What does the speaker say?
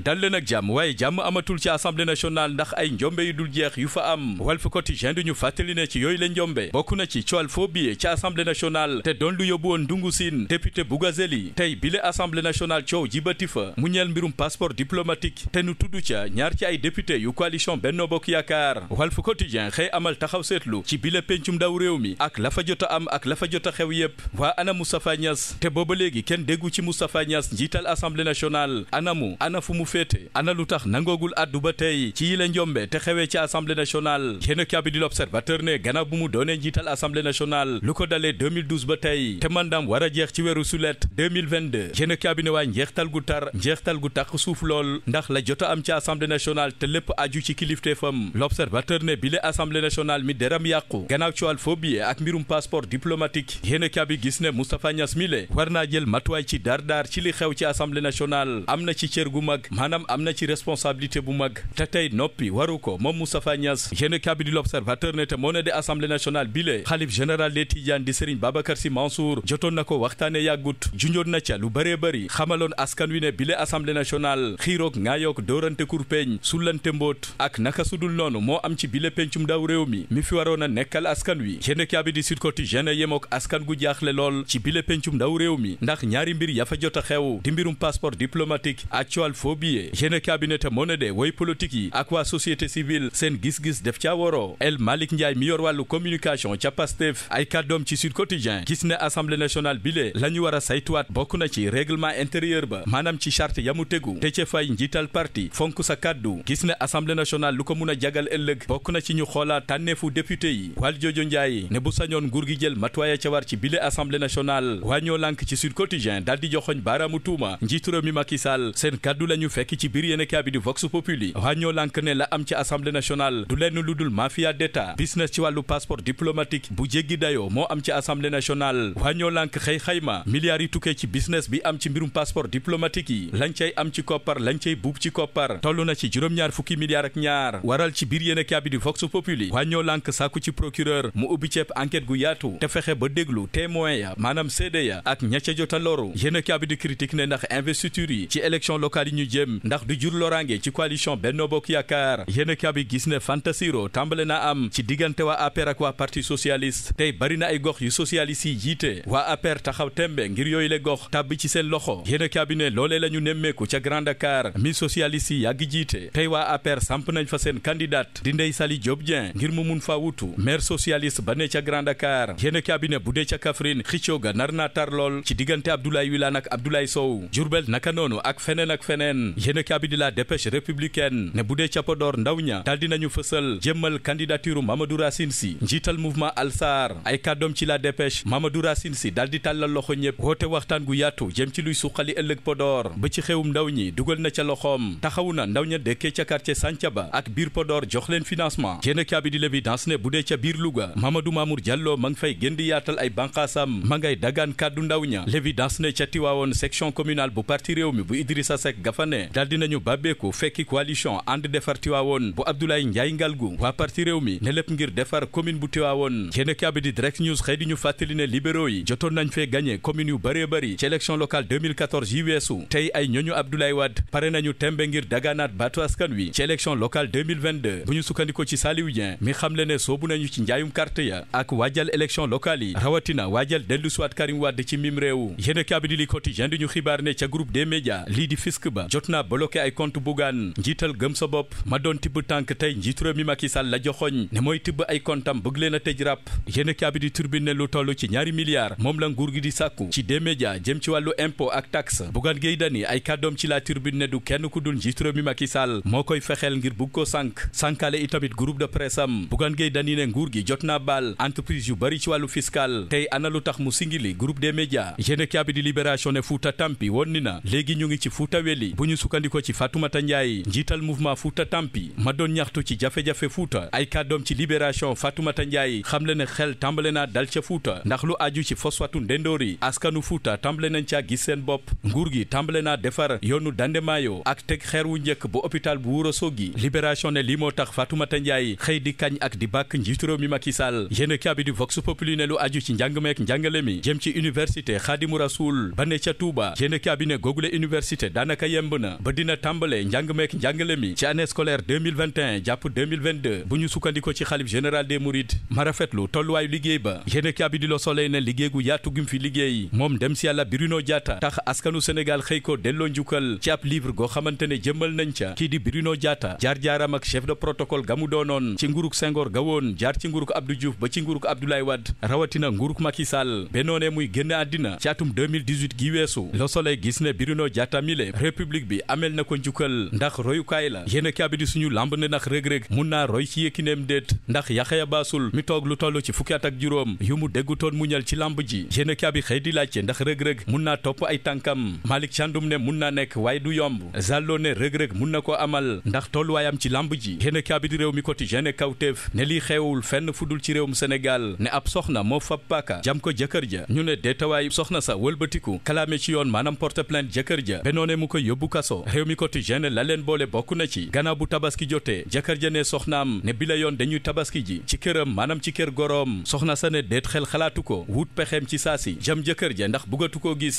dal leen ak jàmm waaye jàmm amatul ci assemblée nationale ndax ay njombe yu dul jeex yu fa am Walf Quotidien du ñu fàttali ne ci yooyu la njombe bokk na ci coal faux billet ci assemblée nationale te doon lu yóbbu woon Ndungu Sine député tey bile assemblée nationale coow jibati fa mu ñeel mbirum passeport diplomatique te nu tudd ca ñaar ci ay député yu coalition Benno Bokk Yaakaar Walf Quotidien xëy amal taxaw seetlu ci bile pencum ndaw réew mi ak la jot am ak la jot a xew yépp waa ana Moustapha Niass te booba léegi kenn déggu ci Moustapha Niass njiital assemblée nationale anamu mu féete ana lu tax nangoogul addu ba tey ci yi la njombe te xewee ci assemblée nationale yéena kaabi di l'observateur ne gannaaw bu mu doonee njiital assemblée nationale lu ko dalee 2012 ba tey te mandam war a jeex ci weeru sulet 2022 yéena kaabi ne waa njeextal gu tar njeextal gu taq suuf lool ndax la jota am ci assemblée nationale te lépp aju ci kilifteefam l'observateur ne bile assemblée nationale mi deram yàqu gannaaw coowal faux billet ak mbirum passeport diplomatique yéena kaabi gis ne Moustapha Niass mi le war naa jël matuwaay ci dar daar ci li xew ci assemblée nationale am na ci cër gu mag maanaam am na ci responsabilité bu mag te tey noppi waru ko moom Moustapha Niass yéen kabi di l'observateur ne te moo ne de assemblée nationale bi le xalif général des Tidiane di Serigne baba Sy Mansour jotoon na ko waxtaane yàggut junjoon na ca lu bëree bëri xamaloon askan wi ne bi le assemblée nationale xiiroog ngaayook dóorante kurpeñ sulante mboot ak naka sudul noonu moo am ci bile pencum ndaw réew mi mi fi waroon a nekkal askan wi yéen kabi di Sud Quotidien yemook askan gu jaaxle lool ci bile pencum ndaw réew mi ndax ñaari mbir ya fa jot a xew di mbirum passeport diplomatique actual faux billet yéene cabinet te moo ne de way yi ak waa société civile seen gis-gis def ca waroo El Malick Ndiaye mi yor wàllu communication ca Pastef ay kàddoom ci Sud Quotidien gis ne assemblée nationale bile la ñu a saytuwaat bokk na ci règlement intérieur ba maanaam ci charte yamu tegu te ca fay njiital parti fonk sa kàddu gis ne assemblée nationale lu ko mun a jagal ëllëg bokk na ci ñu xoolaa tànneefu député yi wàll joojo ne bu sañoon nguur gi jël matuwaaya ca war ci bile assemblée nationale waa ñoo lànk ci Sud Quotidien daal di joxoñ baaraamu tuuma njiitu réew mi Macky Sall seen kàddu lañu fekk ci biir yéenekaay bi di Vox Populi waa ñoo lànk ne la am ci assemblée nationale du lenn lu dul mafia d'état business ci wàllu passeport diplomatique bu jéggi dayoo moo am ci assemblée nationale waa ñoo lànk xëy xayma yi tukkee ci business bi am ci mbirum passeport diplomatique yi lañ cay am ci koppar lañ cay buub ci koppar toll na ci juróom-ñaar fukki milliards ak ñaar waral ci biir yéenekaay bi Vox Populi waa ñoo sàkku ci procureur mu ña ca jota loru yéenekaay bi di critique ne ndax investiture yi ci élection yi yitteem ndax du jur loraange ci coalition Benno Bokk Yaakaar yéenekaay bi gis ne fantasiro tàmbale na am ci diggante waa APR ak waa parti socialiste tey bari na ay gox yu socialiste yi jiite waa APR taxaw tembe ngir yooyu le gox tàbbi ci seen loxo yéenekaay bi ne loolee la ñu nemmeeku ca grande Dakar mi socialiste yi yàgg jiite tey waa APR samp nañ fa seen candidate di ndey sali Diop Dieng ngir mu mun faa wutu maire socialiste ba ne ca Grand car yéenekaay bi ne bu dee ca Kaffrine xëccoo ga nar naa tar lool ci diggante Abdoulaye Wilane ak Abdoulaye Sow ak feneen ak feneen yéen a kaabi di la dépêche républicaine ne bu dee cappadoor ndaw ña daal dinañu fësal jëmmal candidature Mamadou Racine Sy njiital mouvement alsaar ay kàddoom ci la dépêche Mamadou Racine Sy daal di tàllal loxo ñëpp woote waxtaan gu yaatu jëm ci luy suqali ëllëg Podor ba ci xewum ndaw ñi dugal na ca loxoom taxaw na ndaw ña dëkkee ca quartier ba ak biir Podor jox leen financement yéen a kaabi di l'évidence ne bu dee ca biir Louga Mamadou Mamour Diallo ma ngi fay gën di yaatal ay banqaasam ma ngay dagaan kàddu ndaw ña l'évidence ne ca Tiwaawoon section communale ne daal dinañu bàbbeeku fekki coalition ànd defar Tiwaawoon bu Abdoulaye Ndiaye Ngalgu waa parti réew mi ne lépp ngir defar commune bu Tiwaawoon yéena kaabi Direct News xëy ñu fàttali ne libéraux yi jotoon nañ fee gagné commune yu bëree bëri ci élection locale yi weesu tey ay ñooñu Abdoulaye Wade pare nañu tembe ngir dagaanaat baatu wi ci élection locale bu ñu sukkandiko ci Saliou mi xamle ne soobu nañu ci njaayum carte ya ak waajal élection locale jot naa bloqué ay compte Bougane njiital gëm sa bopp ma doon tibb tànk tey njiitu réew mi Macky Sall la joxoñ mooy tibb ay comptam bëgg leen a tëj ràpp yéena kaabi di lu toll ci ñaari milliards moom la nguur gi di sàkku ci des médias jëm ci wàllu impôt ak taxe Bougane Gueye Dany ay kàddoom ci la turbine ne du kenn ku dul njiitu réew mi Macky Sall moo koy fexeel ngir bugg ko sànk sànkaale itamit groupe de presse am Bougane Gueye Dany ne nguur gi jot naa baal entreprise yu bari ci wàllu fiscal tey ana lu tax mu singili group des médias yéena kaabi di libération ne Fouta Tampi woon ni na léegi ñu ngi ci Fouta Weli ñu sukkandiko ci Fatoumata Ndiaye njiital mouvement Fouta Tampi ma doon ñaxtu ci jafe-jafe Fouta ay kàddoom ci libération Fatoumata Ndiaye xamle ne xel tàmbale naa dal ca Fouta ndax lu aju ci fosfatu ndendoori askanu Fouta tàmbale nañ caa gis seen bopp nguur gi tàmbale naa defar yoonu Dandemayo ak teg xeer wu njëkk bu hôpital bu Wuro Sogi libération ne lii moo tax Fatoumata Ndiaye xëy di kañ ak di bàkk njiitu réew mi kaabi di Vox Populi na ba dina tàmbale njàng meek njàngale mi ci année scolaire 2021 jàpp 2022 bu ñu sukkandiko ci xalif général des mourides ma rafetlu tolluwaayu liggéey ba yéene kaabi di la Soleil ne liggéey gu yaatu gum fi liggéey moom dem si yàlla Bruno Diatta tax askanu Sénégal xëy ko delloo njukkal ci ab livre goo xamante jëmmal nañ ca kii di Bruno Diatta jaar-jaaram ak chef de protocole gamu doonoon ci nguruk Senghor ga woon ci nguruk Abdou Diouf ba ci nguruk Abdoulaye bi ameel na ko njukkal ndax royukaay la yéen a bi di suñu lamb ne ndax rëg-rëg mun naa roy ci yëkkineem déet ndax yaxaya mi toog lu toll ci fukki at ak juróom yu mu déggutoon muñal ci lamb ji yéen a bi xëy di laajte ndax rëg-rëg mun naa topp ay tànkam Malick Thiandoum ne mun naa nekk waaye du yomb zàlloo ne rëg-rëg mun na ko amal ndax tolluwaayam ci lamb ji yéen a bi di réew mi quotidien ne kawteef ne lii xeewul fenn fu dul ci réewum Sénégal ne ab soxna moo fab paaka jam ko jëkkër ja ñu ne deetawaay soxna sa wëlbatiku kalaame ci yoon maanaam kaso réew mi quotidien la leen boole bokk na ci gannaaw bu tabaski jotee jëkkër ja ne soxnaam ne bila yoon dañuy tabaski ji ci këram maanaam ci kër goroom soxna sa ne déet xel xalaatu ko wut pexeem ci saasi jam jëkkër ja ndax buggatu koo gis